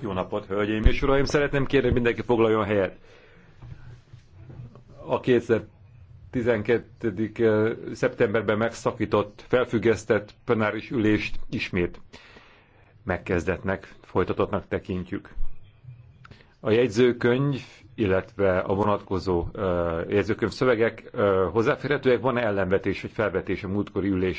Jó napot, hölgyeim és uraim! Szeretném kérni, mindenki foglaljon helyet. A 2012. szeptemberben megszakított, felfüggesztett plenáris ülést ismét megkezdetnek, folytatottnak tekintjük. A jegyzőkönyv, illetve a vonatkozó jegyzőkönyv szövegek hozzáférhetőek, van-e ellenvetés vagy felvetés a múltkori ülés